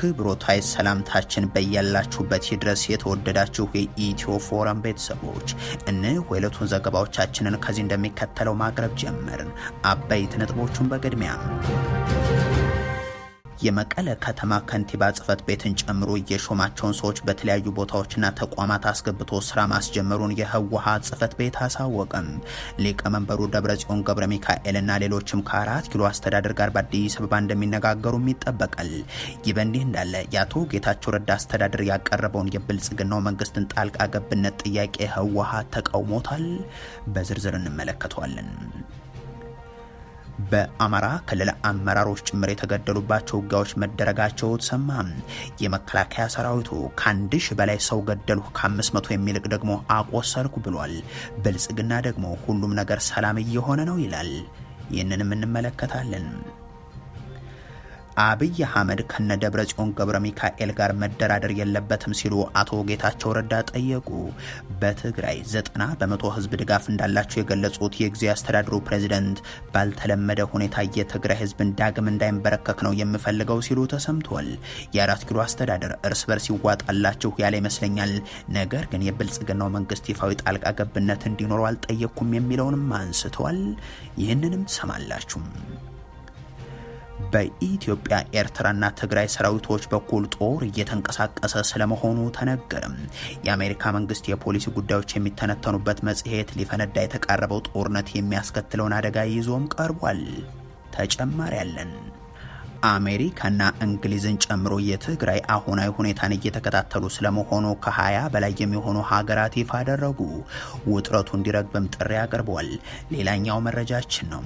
አክብሮታዊ ሰላምታችን በያላችሁበት ይድረስ። የተወደዳችሁ የኢትዮ ፎረም ቤተሰቦች እነሆ የዕለቱን ዘገባዎቻችንን ከዚህ እንደሚከተለው ማቅረብ ጀመርን። አበይት ነጥቦቹን በቅድሚያ የመቀለ ከተማ ከንቲባ ጽህፈት ቤትን ጨምሮ የሾማቸውን ሰዎች በተለያዩ ቦታዎችና ተቋማት አስገብቶ ስራ ማስጀመሩን የህወሓት ጽህፈት ቤት አሳወቅም። ሊቀመንበሩ ደብረጽዮን ገብረ ሚካኤልና ሌሎችም ከአራት ኪሎ አስተዳደር ጋር በአዲስ አበባ እንደሚነጋገሩም ይጠበቃል። ይህ በእንዲህ እንዳለ የአቶ ጌታቸው ረዳ አስተዳደር ያቀረበውን የብልጽግናው መንግስትን ጣልቃ ገብነት ጥያቄ ህወሓት ተቃውሞታል። በዝርዝር እንመለከተዋለን። በአማራ ክልል አመራሮች ጭምር የተገደሉባቸው ውጊያዎች መደረጋቸው ተሰማ። የመከላከያ ሰራዊቱ ከአንድ ሺህ በላይ ሰው ገደሉ፣ ከአምስት መቶ የሚልቅ ደግሞ አቆሰልኩ ብሏል። ብልጽግና ደግሞ ሁሉም ነገር ሰላም እየሆነ ነው ይላል። ይህንንም እንመለከታለን። አብይ አህመድ ከነደብረ ጽዮን ገብረ ሚካኤል ጋር መደራደር የለበትም ሲሉ አቶ ጌታቸው ረዳ ጠየቁ። በትግራይ ዘጠና በመቶ ህዝብ ድጋፍ እንዳላቸው የገለጹት የጊዜያዊ አስተዳድሩ ፕሬዚደንት ባልተለመደ ሁኔታ የትግራይ ህዝብን ዳግም እንዳይንበረከክ ነው የምፈልገው ሲሉ ተሰምቷል። የአራት ኪሎ አስተዳደር እርስ በርስ ይዋጣላችሁ ያለ ይመስለኛል። ነገር ግን የብልጽግናው መንግስት ይፋዊ ጣልቃ ገብነት እንዲኖረው አልጠየቅኩም የሚለውንም አንስተዋል። ይህንንም ትሰማላችሁ። በኢትዮጵያ ኤርትራና ትግራይ ሰራዊቶች በኩል ጦር እየተንቀሳቀሰ ስለመሆኑ ተነገረም። የአሜሪካ መንግስት የፖሊሲ ጉዳዮች የሚተነተኑበት መጽሔት ሊፈነዳ የተቃረበው ጦርነት የሚያስከትለውን አደጋ ይዞም ቀርቧል። ተጨማሪ ያለን አሜሪካና እንግሊዝን ጨምሮ የትግራይ አሁናዊ ሁኔታን እየተከታተሉ ስለመሆኑ ከ20 በላይ የሚሆኑ ሀገራት ይፋ አደረጉ። ውጥረቱ እንዲረግብም ጥሪ አቅርበዋል። ሌላኛው መረጃችን ነው።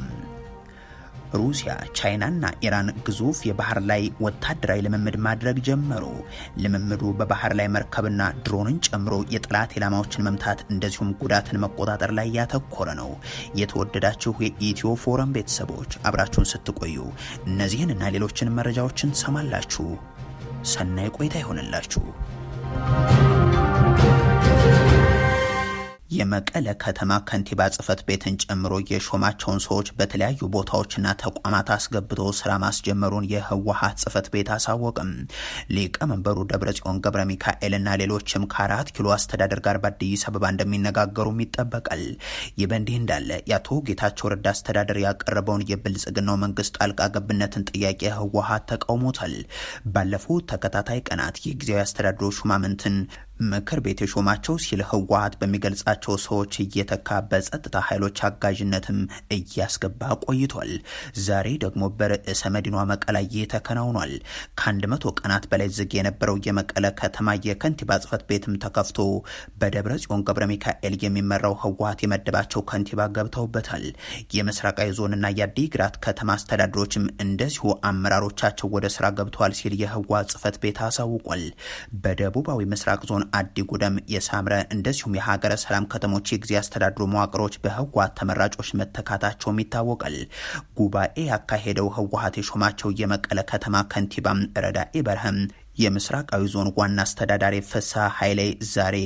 ሩሲያ፣ ቻይናና ኢራን ግዙፍ የባህር ላይ ወታደራዊ ልምምድ ማድረግ ጀመሩ። ልምምዱ በባህር ላይ መርከብና ድሮንን ጨምሮ የጠላት ኢላማዎችን መምታት እንደዚሁም ጉዳትን መቆጣጠር ላይ ያተኮረ ነው። የተወደዳችሁ የኢትዮ ፎረም ቤተሰቦች አብራችሁን ስትቆዩ እነዚህንና ሌሎችን መረጃዎችን ሰማላችሁ። ሰናይ ቆይታ ይሆንላችሁ። የመቀለ ከተማ ከንቲባ ጽህፈት ቤትን ጨምሮ የሾማቸውን ሰዎች በተለያዩ ቦታዎችና ተቋማት አስገብቶ ስራ ማስጀመሩን የህወሀት ጽህፈት ቤት አሳወቅም። ሊቀመንበሩ ደብረጽዮን ገብረ ሚካኤልና ሌሎችም ከአራት ኪሎ አስተዳደር ጋር በአዲስ አበባ እንደሚነጋገሩም ይጠበቃል። ይህ በእንዲህ እንዳለ የአቶ ጌታቸው ረዳ አስተዳደር ያቀረበውን የብልጽግናው መንግስት ጣልቃ ገብነትን ጥያቄ ህወሀት ተቃውሞታል። ባለፉት ተከታታይ ቀናት የጊዜያዊ አስተዳደሩ ሹማምንትን ምክር ቤት የሾማቸው ሲል ህወሀት በሚገልጻቸው ሰዎች እየተካ በጸጥታ ኃይሎች አጋዥነትም እያስገባ ቆይቷል። ዛሬ ደግሞ በርዕሰ መዲኗ መቀለ ተከናውኗል። ከአንድ መቶ ቀናት በላይ ዝግ የነበረው የመቀለ ከተማ የከንቲባ ጽህፈት ቤትም ተከፍቶ በደብረ ጽዮን ገብረ ሚካኤል የሚመራው ህወሀት የመደባቸው ከንቲባ ገብተውበታል። የምስራቃዊ ዞንና የአዲግራት ከተማ አስተዳደሮችም እንደዚሁ አመራሮቻቸው ወደ ስራ ገብተዋል ሲል የህወሀት ጽህፈት ቤት አሳውቋል። በደቡባዊ ምስራቅ ዞን የሆን አዲጉደም የሳምረ እንደዚሁም የሀገረ ሰላም ከተሞች የጊዜ አስተዳድሩ መዋቅሮች በህወሀት ተመራጮች መተካታቸውም ይታወቃል። ጉባኤ ያካሄደው ህወሀት የሾማቸው የመቀለ ከተማ ከንቲባም ረዳኢ በርሀም የምስራቃዊ ዞን ዋና አስተዳዳሪ ፈሳ ኃይሌ ዛሬ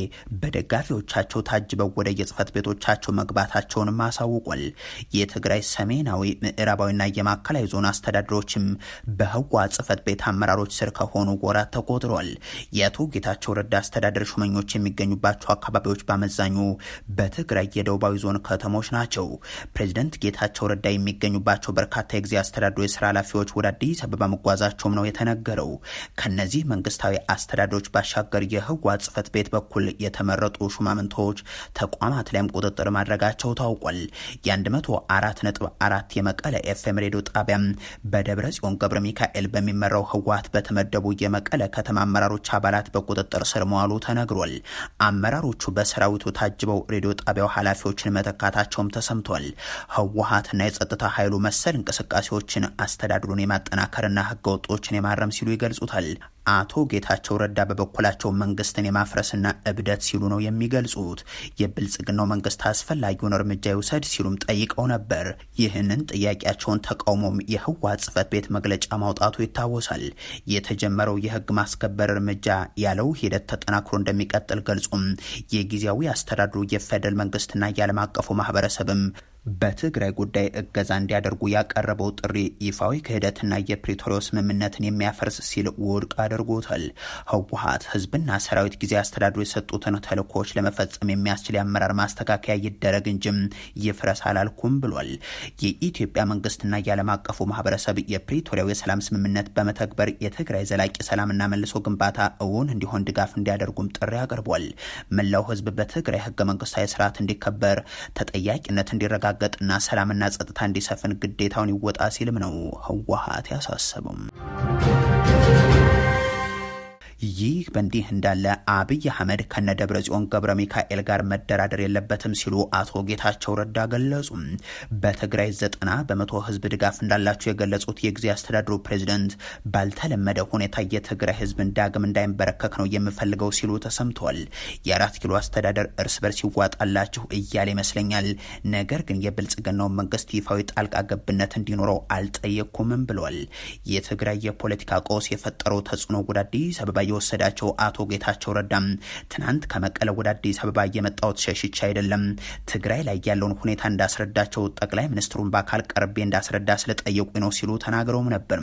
በደጋፊዎቻቸው ታጅበው ወደ የጽህፈት ቤቶቻቸው መግባታቸውን አሳውቋል። የትግራይ ሰሜናዊ ምዕራባዊና የማዕከላዊ ዞን አስተዳደሮችም በህዋ ጽህፈት ቤት አመራሮች ስር ከሆኑ ወራት ተቆጥሯል። የአቶ ጌታቸው ረዳ አስተዳደር ሹመኞች የሚገኙባቸው አካባቢዎች በአመዛኙ በትግራይ የደቡባዊ ዞን ከተሞች ናቸው። ፕሬዚደንት ጌታቸው ረዳ የሚገኙባቸው በርካታ የጊዜ አስተዳደሩ የስራ ኃላፊዎች ወደ አዲስ አበባ መጓዛቸውም ነው የተነገረው። ከነዚህ ከእነዚህ መንግስታዊ አስተዳደሮች ባሻገር የህወሓት ጽህፈት ቤት በኩል የተመረጡ ሹማምንቶች ተቋማት ላይም ቁጥጥር ማድረጋቸው ታውቋል። የ104.4 የመቀለ ኤፍኤም ሬዲዮ ጣቢያም በደብረ ጽዮን ገብረ ሚካኤል በሚመራው ህወሓት በተመደቡ የመቀለ ከተማ አመራሮች አባላት በቁጥጥር ስር መዋሉ ተነግሯል። አመራሮቹ በሰራዊቱ ታጅበው ሬዲዮ ጣቢያው ኃላፊዎችን መተካታቸውም ተሰምቷል። ህወሓትና የጸጥታ ኃይሉ መሰል እንቅስቃሴዎችን አስተዳድሩን የማጠናከርና ህገወጦችን የማረም ሲሉ ይገልጹታል። አቶ ጌታቸው ረዳ በበኩላቸው መንግስትን የማፍረስና እብደት ሲሉ ነው የሚገልጹት። የብልጽግናው መንግስት አስፈላጊውን እርምጃ ይውሰድ ሲሉም ጠይቀው ነበር። ይህንን ጥያቄያቸውን ተቃውሞም የህወሓት ጽህፈት ቤት መግለጫ ማውጣቱ ይታወሳል። የተጀመረው የህግ ማስከበር እርምጃ ያለው ሂደት ተጠናክሮ እንደሚቀጥል ገልጹም የጊዜያዊ አስተዳድሩ የፌደራል መንግስትና የዓለም አቀፉ ማህበረሰብም በትግራይ ጉዳይ እገዛ እንዲያደርጉ ያቀረበው ጥሪ ይፋዊ ክህደትና የፕሪቶሪያው ስምምነትን የሚያፈርስ ሲል ውድቅ አድርጎታል። ህወሀት ህዝብና ሰራዊት ጊዜ አስተዳድሮ የሰጡትን ተልእኮዎች ለመፈጸም የሚያስችል የአመራር ማስተካከያ ይደረግ እንጂም ይፍረስ አላልኩም ብሏል። የኢትዮጵያ መንግስትና የዓለም አቀፉ ማህበረሰብ የፕሪቶሪያው የሰላም ስምምነት በመተግበር የትግራይ ዘላቂ ሰላምና መልሶ ግንባታ እውን እንዲሆን ድጋፍ እንዲያደርጉም ጥሪ አቅርቧል። መላው ህዝብ በትግራይ ህገ መንግስታዊ ስርዓት እንዲከበር ተጠያቂነት እንዲረጋ እንዲረጋገጥና ሰላምና ጸጥታ እንዲሰፍን ግዴታውን ይወጣ ሲልም ነው ህወሀት ያሳሰበም። ይህ በእንዲህ እንዳለ አብይ አህመድ ከነደብረ ጽዮን ገብረ ሚካኤል ጋር መደራደር የለበትም ሲሉ አቶ ጌታቸው ረዳ ገለጹ። በትግራይ ዘጠና በመቶ ህዝብ ድጋፍ እንዳላቸው የገለጹት የጊዜ አስተዳድሩ ፕሬዚደንት ባልተለመደ ሁኔታ የትግራይ ህዝብን ዳግም እንዳይንበረከክ ነው የምፈልገው ሲሉ ተሰምተዋል። የአራት ኪሎ አስተዳደር እርስ በርስ ይዋጣላችሁ እያለ ይመስለኛል። ነገር ግን የብልጽግናው መንግስት ይፋዊ ጣልቃ ገብነት እንዲኖረው አልጠየቅኩምም ብለዋል። የትግራይ የፖለቲካ ቀውስ የፈጠረው ተጽዕኖ ወደ አዲስ አበባ የወሰዳቸው አቶ ጌታቸው ረዳም ትናንት ከመቀለ ወደ አዲስ አበባ የመጣሁት ሸሽቼ አይደለም፣ ትግራይ ላይ ያለውን ሁኔታ እንዳስረዳቸው ጠቅላይ ሚኒስትሩን በአካል ቀርቤ እንዳስረዳ ስለጠየቁኝ ነው ሲሉ ተናግረውም ነበር።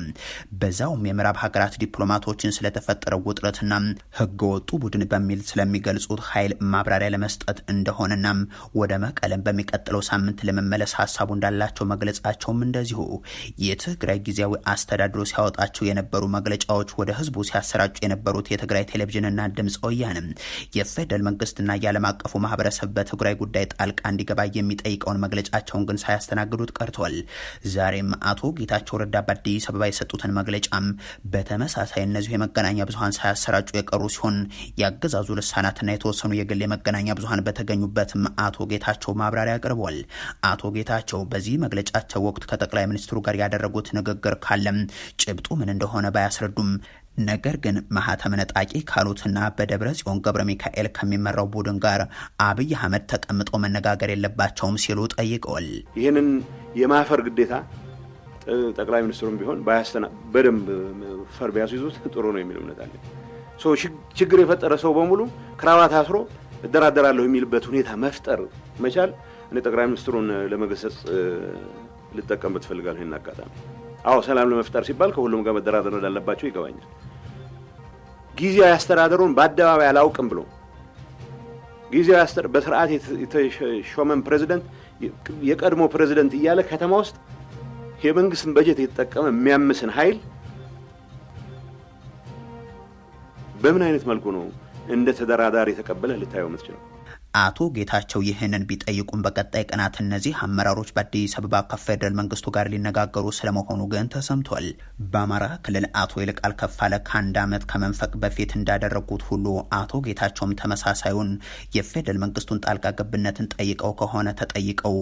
በዛውም የምዕራብ ሀገራት ዲፕሎማቶችን ስለተፈጠረው ውጥረትና ህገወጡ ቡድን በሚል ስለሚገልጹት ኃይል ማብራሪያ ለመስጠት እንደሆነና ወደ መቀለም በሚቀጥለው ሳምንት ለመመለስ ሀሳቡ እንዳላቸው መግለጻቸውም እንደዚሁ የትግራይ ጊዜያዊ አስተዳድሮ ሲያወጣቸው የነበሩ መግለጫዎች ወደ ህዝቡ ሲያሰራጩ የነበሩ የተባበሩት የትግራይ ቴሌቪዥንና ድምፅ ወያንም የፌደራል መንግስትና የዓለም አቀፉ ማህበረሰብ በትግራይ ጉዳይ ጣልቃ እንዲገባ የሚጠይቀውን መግለጫቸውን ግን ሳያስተናግዱት ቀርቷል። ዛሬም አቶ ጌታቸው ረዳ በአዲስ አበባ የሰጡትን መግለጫም በተመሳሳይ እነዚሁ የመገናኛ ብዙሀን ሳያሰራጩ የቀሩ ሲሆን የአገዛዙ ልሳናትና የተወሰኑ የግል የመገናኛ ብዙሀን በተገኙበትም አቶ ጌታቸው ማብራሪያ አቅርቧል። አቶ ጌታቸው በዚህ መግለጫቸው ወቅት ከጠቅላይ ሚኒስትሩ ጋር ያደረጉት ንግግር ካለም ጭብጡ ምን እንደሆነ ባያስረዱም ነገር ግን ማህተም ነጣቂ ካሉትና በደብረ ጽዮን ገብረ ሚካኤል ከሚመራው ቡድን ጋር አብይ አህመድ ተቀምጦ መነጋገር የለባቸውም ሲሉ ጠይቀዋል። ይህንን የማፈር ግዴታ ጠቅላይ ሚኒስትሩም ቢሆን ባያስተና በደንብ ፈር ቢያስ ይዙት ጥሩ ነው የሚል እምነት አለ። ችግር የፈጠረ ሰው በሙሉ ክራባት አስሮ እደራደራለሁ የሚልበት ሁኔታ መፍጠር መቻል እኔ ጠቅላይ ሚኒስትሩን ለመገሰጽ ልጠቀምበት እፈልጋለሁ ይህን አጋጣሚ አዎ ሰላም ለመፍጠር ሲባል ከሁሉም ጋር መደራደር እንዳለባቸው ይገባኛል። ጊዜያዊ አስተዳደሩን በአደባባይ አላውቅም ብሎ ጊዜያዊ አስተዳደር በስርዓት የተሾመን ፕሬዚደንት የቀድሞ ፕሬዚደንት እያለ ከተማ ውስጥ የመንግስትን በጀት የተጠቀመ የሚያምስን ኃይል በምን አይነት መልኩ ነው እንደ ተደራዳሪ የተቀበለ ልታየው የምትችለው? አቶ ጌታቸው ይህንን ቢጠይቁም በቀጣይ ቀናት እነዚህ አመራሮች በአዲስ አበባ ከፌደራል መንግስቱ ጋር ሊነጋገሩ ስለመሆኑ ግን ተሰምቷል። በአማራ ክልል አቶ ይልቃል ከፋለ ከአንድ ዓመት ከመንፈቅ በፊት እንዳደረጉት ሁሉ አቶ ጌታቸውም ተመሳሳዩን የፌደራል መንግስቱን ጣልቃ ገብነትን ጠይቀው ከሆነ ተጠይቀው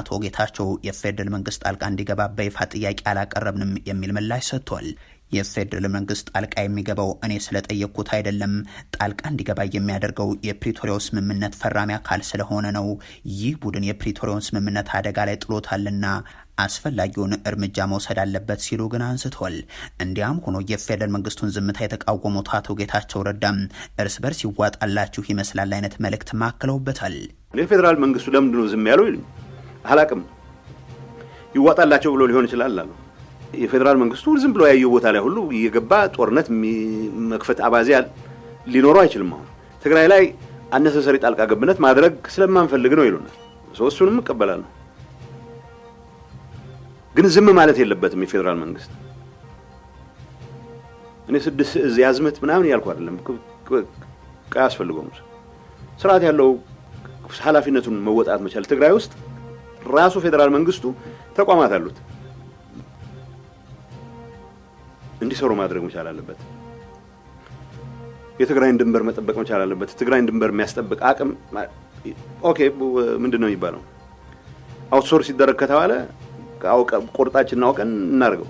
አቶ ጌታቸው የፌደራል መንግስት ጣልቃ እንዲገባ በይፋ ጥያቄ አላቀረብንም የሚል ምላሽ ሰጥቷል። የፌዴራል መንግስት ጣልቃ የሚገባው እኔ ስለጠየቅኩት አይደለም። ጣልቃ እንዲገባ የሚያደርገው የፕሪቶሪያው ስምምነት ፈራሚ አካል ስለሆነ ነው። ይህ ቡድን የፕሪቶሪያውን ስምምነት አደጋ ላይ ጥሎታልና አስፈላጊውን እርምጃ መውሰድ አለበት ሲሉ ግን አንስቷል። እንዲያም ሆኖ የፌደራል መንግስቱን ዝምታ የተቃወሙት አቶ ጌታቸው ረዳም እርስ በርስ ይዋጣላችሁ ይመስላል አይነት መልእክት ማክለውበታል። የፌደራል መንግስቱ ለምንድነው ዝም ያለው? አላቅም ይዋጣላቸው ብሎ ሊሆን ይችላል አሉ የፌዴራል መንግስቱ ዝም ብሎ ያየው ቦታ ላይ ሁሉ እየገባ ጦርነት መክፈት አባዜ ሊኖረው አይችልም። አሁን ትግራይ ላይ አነሰሰሪ ጣልቃ ገብነት ማድረግ ስለማንፈልግ ነው ይሉናል። እሱንም እቀበላለሁ፣ ግን ዝም ማለት የለበትም የፌዴራል መንግስት። እኔ ስድስት እዝ ያዝመት ምናምን ያልኩ አይደለም። አያስፈልገውም። ስርዓት ያለው ኃላፊነቱን መወጣት መቻል። ትግራይ ውስጥ ራሱ ፌዴራል መንግስቱ ተቋማት አሉት እንዲሰሩ ማድረግ መቻል አለበት። የትግራይን ድንበር መጠበቅ መቻል አለበት። ትግራይን ድንበር የሚያስጠብቅ አቅም ኦኬ፣ ምንድን ነው የሚባለው? አውትሶርስ ሲደረግ ከተባለ ቁርጣችን እናውቀን እናደርገው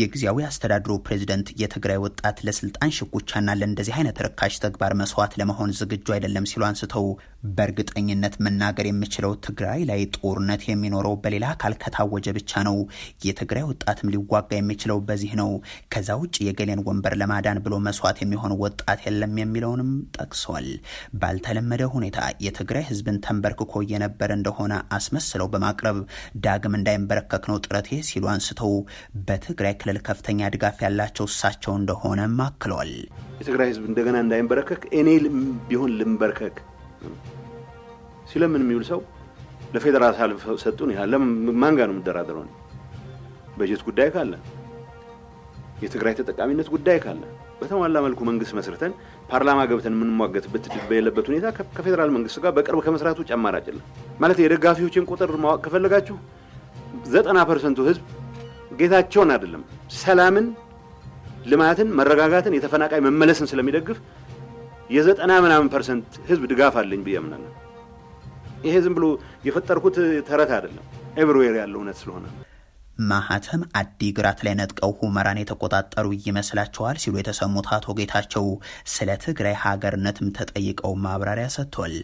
የጊዜያዊ አስተዳድሩ ፕሬዝደንት የትግራይ ወጣት ለስልጣን ሽኩቻና ለእንደዚህ አይነት ርካሽ ተግባር መስዋዕት ለመሆን ዝግጁ አይደለም ሲሉ አንስተው በእርግጠኝነት መናገር የምችለው ትግራይ ላይ ጦርነት የሚኖረው በሌላ አካል ከታወጀ ብቻ ነው። የትግራይ ወጣትም ሊዋጋ የሚችለው በዚህ ነው። ከዛ ውጭ የገሌን ወንበር ለማዳን ብሎ መስዋዕት የሚሆን ወጣት የለም የሚለውንም ጠቅሰዋል። ባልተለመደ ሁኔታ የትግራይ ሕዝብን ተንበርክኮ እየነበረ እንደሆነ አስመስለው በማቅረብ ዳግም እንዳይንበረከክ ነው ጥረቴ ሲሉ አንስተው በትግራይ ለማቅለል ከፍተኛ ድጋፍ ያላቸው እሳቸው እንደሆነም አክለዋል። የትግራይ ህዝብ እንደገና እንዳይንበረከክ እኔ ቢሆን ልንበርከክ ሲለምን የሚውል ሰው ለፌዴራል ሳልፍ ሰጡን ያህል ማን ጋር ነው የምደራደረው? በጀት ጉዳይ ካለ የትግራይ ተጠቃሚነት ጉዳይ ካለ በተሟላ መልኩ መንግስት መስርተን ፓርላማ ገብተን የምንሟገትበት በሌለበት ሁኔታ ከፌዴራል መንግስት ጋር በቅርብ ከመስራት ውጭ አማራጭ የለም። ማለት የደጋፊዎችን ቁጥር ማወቅ ከፈለጋችሁ ዘጠና ፐርሰንቱ ህዝብ ጌታቸውን አይደለም ሰላምን፣ ልማትን፣ መረጋጋትን፣ የተፈናቃይ መመለስን ስለሚደግፍ የዘጠና ምናምን ፐርሰንት ህዝብ ድጋፍ አለኝ ብዬ አምናለሁ። ይሄ ዝም ብሎ የፈጠርኩት ተረት አይደለም፣ ኤቭሪዌር ያለው እውነት ስለሆነ ማህተም አዲግራት ላይ ነጥቀው ሁመራን የተቆጣጠሩ ይመስላቸዋል ሲሉ የተሰሙት አቶ ጌታቸው ስለ ትግራይ ሀገርነትም ተጠይቀው ማብራሪያ ሰጥቷል።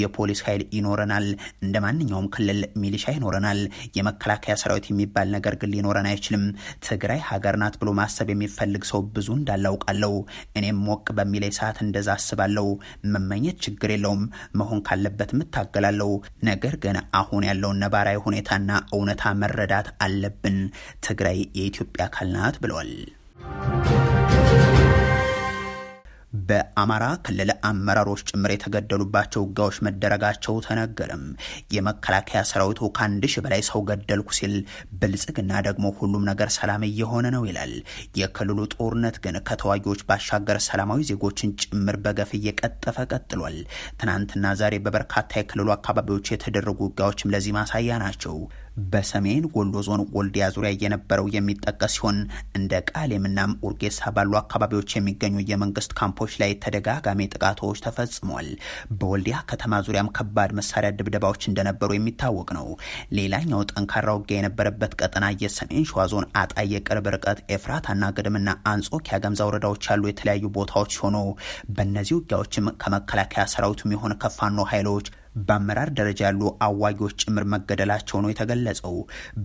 የፖሊስ ኃይል ይኖረናል፣ እንደ ማንኛውም ክልል ሚሊሻ ይኖረናል፣ የመከላከያ ሰራዊት የሚባል ነገር ግን ሊኖረን አይችልም። ትግራይ ሀገር ናት ብሎ ማሰብ የሚፈልግ ሰው ብዙ እንዳላውቃለው። እኔም ሞቅ በሚለኝ ሰዓት እንደዛ አስባለው። መመኘት ችግር የለውም፣ መሆን ካለበት እታገላለው። ነገር ግን አሁን ያለውን ነባራዊ ሁኔታና እውነታ መረዳት አለበት አለብን። ትግራይ የኢትዮጵያ አካል ናት ብለዋል። በአማራ ክልል አመራሮች ጭምር የተገደሉባቸው ውጊያዎች መደረጋቸው ተነገረም። የመከላከያ ሰራዊቱ ከአንድ ሺህ በላይ ሰው ገደልኩ ሲል፣ ብልጽግና ደግሞ ሁሉም ነገር ሰላም እየሆነ ነው ይላል። የክልሉ ጦርነት ግን ከተዋጊዎች ባሻገር ሰላማዊ ዜጎችን ጭምር በገፍ እየቀጠፈ ቀጥሏል። ትናንትና ዛሬ በበርካታ የክልሉ አካባቢዎች የተደረጉ ውጊያዎችም ለዚህ ማሳያ ናቸው። በሰሜን ወሎ ዞን ወልዲያ ዙሪያ የነበረው የሚጠቀስ ሲሆን እንደ ቃሌምና ኡርጌሳ ባሉ አካባቢዎች የሚገኙ የመንግስት ካምፖች ላይ ተደጋጋሚ ጥቃቶች ተፈጽሟል። በወልዲያ ከተማ ዙሪያም ከባድ መሳሪያ ድብደባዎች እንደነበሩ የሚታወቅ ነው። ሌላኛው ጠንካራ ውጊያ የነበረበት ቀጠና የሰሜን ሸዋ ዞን አጣዬ ቅርብ ርቀት ኤፍራታና ግድምና አንጾኪያ ገምዛ ወረዳዎች ያሉ የተለያዩ ቦታዎች ሲሆኑ በእነዚህ ውጊያዎችም ከመከላከያ ሰራዊቱም የሆነ ከፋኖ ኃይሎች በአመራር ደረጃ ያሉ አዋጊዎች ጭምር መገደላቸው ነው የተገለጸው።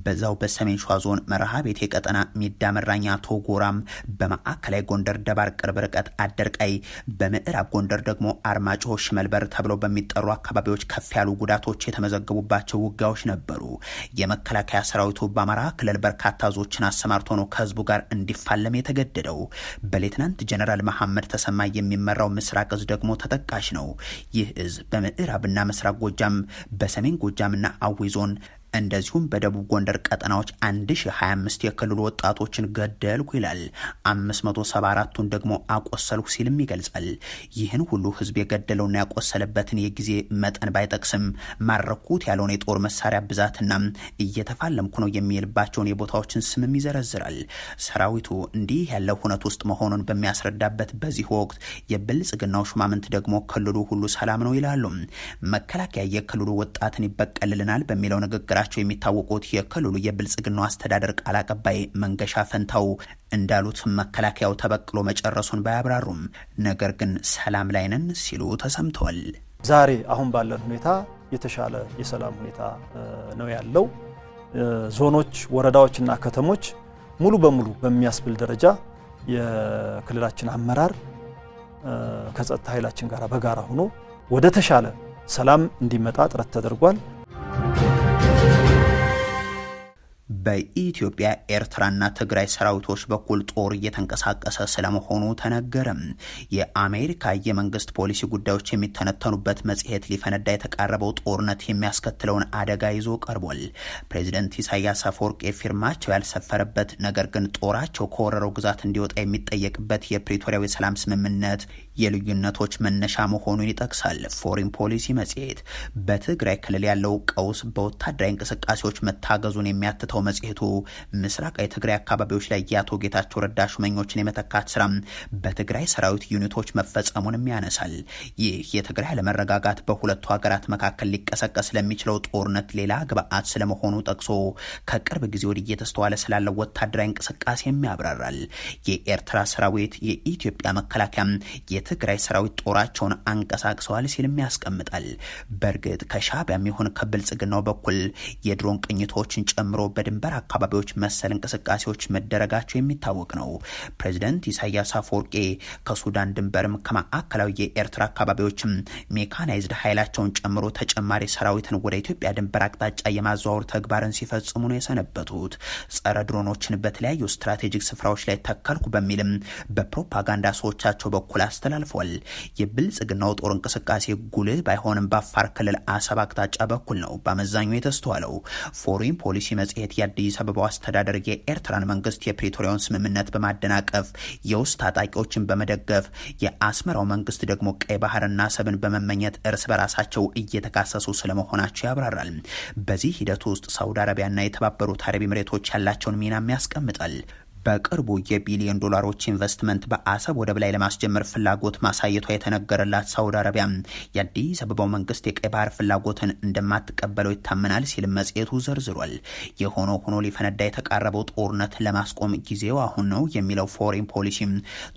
በዛው በሰሜን ሸዋ ዞን መርሃ ቤቴ ቀጠና ሚዳ መራኛ ቶጎራም፣ በማዕከላዊ ጎንደር ደባር ቅርብ ርቀት አደርቃይ፣ በምዕራብ ጎንደር ደግሞ አርማጭሆ ሽመልበር ተብለው በሚጠሩ አካባቢዎች ከፍ ያሉ ጉዳቶች የተመዘገቡባቸው ውጊያዎች ነበሩ። የመከላከያ ሰራዊቱ በአማራ ክልል በርካታ ዞችን አሰማርቶ ነው ከህዝቡ ጋር እንዲፋለም የተገደደው። በሌትናንት ጀነራል መሐመድ ተሰማ የሚመራው ምስራቅ እዝ ደግሞ ተጠቃሽ ነው። ይህ እዝ በምዕራብና ምስራቅ ጎጃም፣ በሰሜን ጎጃምና አዊ ዞን እንደዚሁም በደቡብ ጎንደር ቀጠናዎች 1025 የክልሉ ወጣቶችን ገደልኩ ይላል። 574ቱን ደግሞ አቆሰልኩ ሲልም ይገልጻል። ይህን ሁሉ ህዝብ የገደለውና ያቆሰለበትን የጊዜ መጠን ባይጠቅስም ማረኩት ያለውን የጦር መሳሪያ ብዛትና እየተፋለምኩ ነው የሚልባቸውን የቦታዎችን ስምም ይዘረዝራል። ሰራዊቱ እንዲህ ያለው ሁነት ውስጥ መሆኑን በሚያስረዳበት በዚህ ወቅት የብልጽግናው ሹማምንት ደግሞ ክልሉ ሁሉ ሰላም ነው ይላሉ። መከላከያ የክልሉ ወጣትን ይበቀልልናል በሚለው ንግግራ መሆናቸው የሚታወቁት የክልሉ የብልጽግና አስተዳደር ቃል አቀባይ መንገሻ ፈንታው እንዳሉት መከላከያው ተበቅሎ መጨረሱን ባያብራሩም ነገር ግን ሰላም ላይ ነን ሲሉ ተሰምተዋል። ዛሬ አሁን ባለን ሁኔታ የተሻለ የሰላም ሁኔታ ነው ያለው። ዞኖች፣ ወረዳዎችና ከተሞች ሙሉ በሙሉ በሚያስብል ደረጃ የክልላችን አመራር ከጸጥታ ኃይላችን ጋር በጋራ ሆኖ ወደ ተሻለ ሰላም እንዲመጣ ጥረት ተደርጓል። በኢትዮጵያ ኤርትራና ትግራይ ሰራዊቶች በኩል ጦር እየተንቀሳቀሰ ስለመሆኑ ተነገረም። የአሜሪካ የመንግስት ፖሊሲ ጉዳዮች የሚተነተኑበት መጽሔት ሊፈነዳ የተቃረበው ጦርነት የሚያስከትለውን አደጋ ይዞ ቀርቧል። ፕሬዚደንት ኢሳያስ አፈወርቅ ፊርማቸው ያልሰፈረበት ነገር ግን ጦራቸው ከወረረው ግዛት እንዲወጣ የሚጠየቅበት የፕሪቶሪያው የሰላም ስምምነት የልዩነቶች መነሻ መሆኑን ይጠቅሳል። ፎሪን ፖሊሲ መጽሔት በትግራይ ክልል ያለው ቀውስ በወታደራዊ እንቅስቃሴዎች መታገዙን የሚያትተው መጽሄቱ መጽሔቱ ምስራቃዊ ትግራይ አካባቢዎች ላይ የአቶ ጌታቸው ረዳ ሹመኞችን የመተካት ስራ በትግራይ ሰራዊት ዩኒቶች መፈጸሙንም ያነሳል። ይህ የትግራይ አለመረጋጋት በሁለቱ ሀገራት መካከል ሊቀሰቀስ ስለሚችለው ጦርነት ሌላ ግብአት ስለመሆኑ ጠቅሶ ከቅርብ ጊዜ ወዲህ እየተስተዋለ ስላለው ወታደራዊ እንቅስቃሴም ያብራራል። የኤርትራ ሰራዊት፣ የኢትዮጵያ መከላከያ፣ የትግራይ ሰራዊት ጦራቸውን አንቀሳቅሰዋል ሲልም ያስቀምጣል። በእርግጥ ከሻቢያ ይሁን ከብልጽግናው በኩል የድሮን ቅኝቶችን ጨምሮ በ በድንበር አካባቢዎች መሰል እንቅስቃሴዎች መደረጋቸው የሚታወቅ ነው። ፕሬዚደንት ኢሳያስ አፈወርቄ ከሱዳን ድንበርም ከማዕከላዊ የኤርትራ አካባቢዎችም ሜካናይዝድ ኃይላቸውን ጨምሮ ተጨማሪ ሰራዊትን ወደ ኢትዮጵያ ድንበር አቅጣጫ የማዘዋወር ተግባርን ሲፈጽሙ ነው የሰነበቱት። ጸረ ድሮኖችን በተለያዩ ስትራቴጂክ ስፍራዎች ላይ ተከልኩ በሚልም በፕሮፓጋንዳ ሰዎቻቸው በኩል አስተላልፏል። የብልጽግናው ጦር እንቅስቃሴ ጉልህ ባይሆንም በአፋር ክልል አሰብ አቅጣጫ በኩል ነው በአመዛኙ የተስተዋለው። ፎሪን ፖሊሲ መጽሔት የአዲስ አበባው አስተዳደር የኤርትራን መንግስት የፕሪቶሪያውን ስምምነት በማደናቀፍ የውስጥ ታጣቂዎችን በመደገፍ የአስመራው መንግስት ደግሞ ቀይ ባህርና አሰብን በመመኘት እርስ በራሳቸው እየተካሰሱ ስለመሆናቸው ያብራራል። በዚህ ሂደት ውስጥ ሳውዲ አረቢያና የተባበሩት አረብ ኤምሬቶች ያላቸውን ሚናም ያስቀምጣል። በቅርቡ የቢሊዮን ዶላሮች ኢንቨስትመንት በአሰብ ወደብ ላይ ለማስጀመር ፍላጎት ማሳየቷ የተነገረላት ሳውዲ አረቢያ የአዲስ አበባው መንግስት የቀይ ባህር ፍላጎትን እንደማትቀበለው ይታመናል ሲል መጽሔቱ ዘርዝሯል። የሆኖ ሆኖ ሊፈነዳ የተቃረበው ጦርነት ለማስቆም ጊዜው አሁን ነው የሚለው ፎሬን ፖሊሲም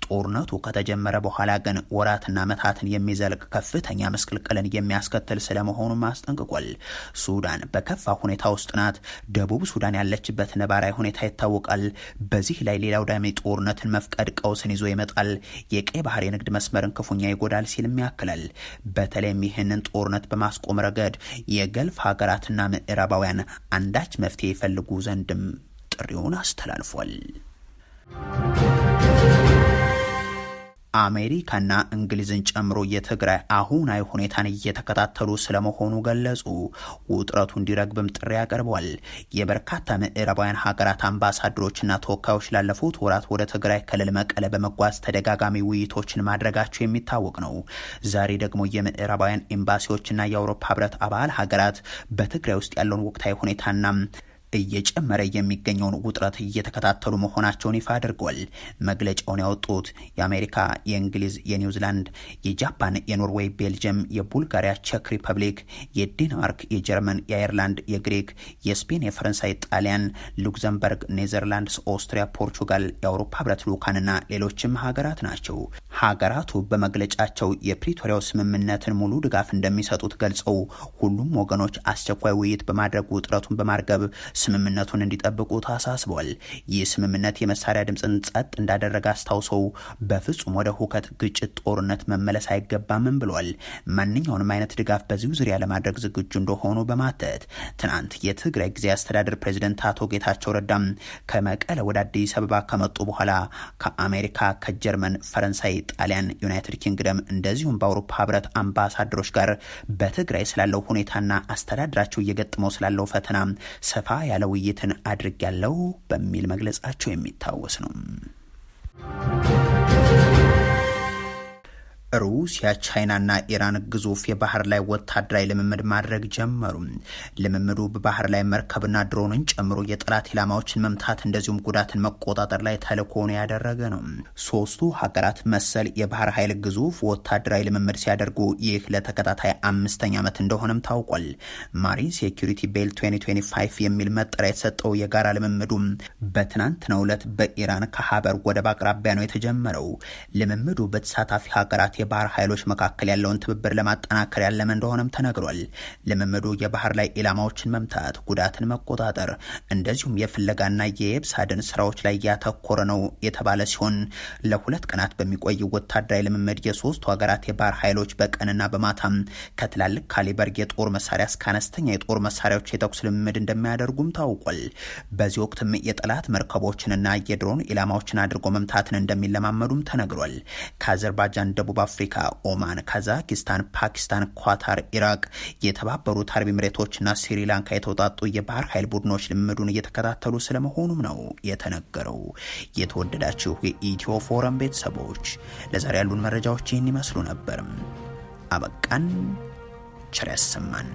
ጦርነቱ ከተጀመረ በኋላ ግን ወራትና ዓመታትን የሚዘልቅ ከፍተኛ መስቅልቅልን የሚያስከትል ስለመሆኑ አስጠንቅቋል። ሱዳን በከፋ ሁኔታ ውስጥ ናት። ደቡብ ሱዳን ያለችበት ነባራዊ ሁኔታ ይታወቃል። በዚህ በዚህ ላይ ሌላው ዳሜ ጦርነትን መፍቀድ ቀውስን ይዞ ይመጣል፣ የቀይ ባህር የንግድ መስመርን ክፉኛ ይጎዳል ሲልም ያክላል። በተለይም ይህንን ጦርነት በማስቆም ረገድ የገልፍ ሀገራትና ምዕራባውያን አንዳች መፍትሄ ይፈልጉ ዘንድም ጥሪውን አስተላልፏል። አሜሪካና እንግሊዝን ጨምሮ የትግራይ አሁናዊ ሁኔታን እየተከታተሉ ስለመሆኑ ገለጹ። ውጥረቱ እንዲረግብም ጥሪ አቅርቧል። የበርካታ ምዕራባውያን ሀገራት አምባሳደሮችና ተወካዮች ላለፉት ወራት ወደ ትግራይ ክልል መቀለ በመጓዝ ተደጋጋሚ ውይይቶችን ማድረጋቸው የሚታወቅ ነው። ዛሬ ደግሞ የምዕራባውያን ኤምባሲዎችና የአውሮፓ ህብረት አባል ሀገራት በትግራይ ውስጥ ያለውን ወቅታዊ ሁኔታና እየጨመረ የሚገኘውን ውጥረት እየተከታተሉ መሆናቸውን ይፋ አድርገዋል። መግለጫውን ያወጡት የአሜሪካ፣ የእንግሊዝ፣ የኒውዚላንድ፣ የጃፓን፣ የኖርዌይ፣ ቤልጅየም፣ የቡልጋሪያ፣ ቼክ ሪፐብሊክ፣ የዴንማርክ፣ የጀርመን፣ የአይርላንድ፣ የግሪክ፣ የስፔን፣ የፈረንሳይ፣ ጣሊያን፣ ሉክዘምበርግ፣ ኔዘርላንድስ፣ ኦስትሪያ፣ ፖርቹጋል፣ የአውሮፓ ህብረት ልኡካንና ሌሎችም ሀገራት ናቸው። ሀገራቱ በመግለጫቸው የፕሪቶሪያው ስምምነትን ሙሉ ድጋፍ እንደሚሰጡት ገልጸው ሁሉም ወገኖች አስቸኳይ ውይይት በማድረጉ ውጥረቱን በማርገብ ስምምነቱን እንዲጠብቁ ታሳስበል። ይህ ስምምነት የመሳሪያ ድምፅን ጸጥ እንዳደረገ አስታውሰው በፍጹም ወደ ሁከት፣ ግጭት፣ ጦርነት መመለስ አይገባምም ብሏል። ማንኛውንም አይነት ድጋፍ በዚሁ ዙሪያ ለማድረግ ዝግጁ እንደሆኑ በማተት ትናንት የትግራይ ጊዜ አስተዳደር ፕሬዚደንት አቶ ጌታቸው ረዳም ከመቀለ ወደ አዲስ አበባ ከመጡ በኋላ ከአሜሪካ፣ ከጀርመን፣ ፈረንሳይ ጣሊያን፣ ዩናይትድ ኪንግደም እንደዚሁም በአውሮፓ ህብረት አምባሳደሮች ጋር በትግራይ ስላለው ሁኔታና አስተዳደራቸው እየገጠመው ስላለው ፈተና ሰፋ ያለ ውይይትን አድርግ ያለው በሚል መግለጻቸው የሚታወስ ነው። ሩሲያ፣ ቻይናና ኢራን ግዙፍ የባህር ላይ ወታደራዊ ልምምድ ማድረግ ጀመሩ። ልምምዱ በባህር ላይ መርከብና ድሮንን ጨምሮ የጠላት ኢላማዎችን መምታት እንደዚሁም ጉዳትን መቆጣጠር ላይ ተልዕኮውን ያደረገ ነው። ሶስቱ ሀገራት መሰል የባህር ኃይል ግዙፍ ወታደራዊ ልምምድ ሲያደርጉ ይህ ለተከታታይ አምስተኛ ዓመት እንደሆነም ታውቋል። ማሪን ሴኩሪቲ ቤል 2025 የሚል መጠሪያ የተሰጠው የጋራ ልምምዱ በትናንትናው ዕለት በኢራን ከሀበር ወደብ አቅራቢያ ነው የተጀመረው። ልምምዱ በተሳታፊ ሀገራት የባህር ኃይሎች መካከል ያለውን ትብብር ለማጠናከር ያለመ እንደሆነም ተነግሯል። ልምምዱ የባህር ላይ ኢላማዎችን መምታት፣ ጉዳትን መቆጣጠር እንደዚሁም የፍለጋና የየብስ አድን ስራዎች ላይ ያተኮረ ነው የተባለ ሲሆን ለሁለት ቀናት በሚቆይ ወታደራዊ ልምምድ የሶስቱ ሀገራት የባህር ኃይሎች በቀንና በማታም ከትላልቅ ካሊበር የጦር መሳሪያ እስከ አነስተኛ የጦር መሳሪያዎች የተኩስ ልምምድ እንደሚያደርጉም ታውቋል። በዚህ ወቅትም የጠላት መርከቦችንና የድሮን ኢላማዎችን አድርጎ መምታትን እንደሚለማመዱም ተነግሯል። ከአዘርባጃን ደቡብ አፍሪካ፣ ኦማን፣ ካዛኪስታን፣ ፓኪስታን፣ ኳታር፣ ኢራቅ፣ የተባበሩት አረብ ኤምሬቶችና ስሪላንካ የተውጣጡ የባህር ኃይል ቡድኖች ልምዱን እየተከታተሉ ስለመሆኑም ነው የተነገረው። የተወደዳችሁ የኢትዮ ፎረም ቤተሰቦች ለዛሬ ያሉን መረጃዎች ይህን ይመስሉ ነበርም። አበቃን። ቸር ያሰማን።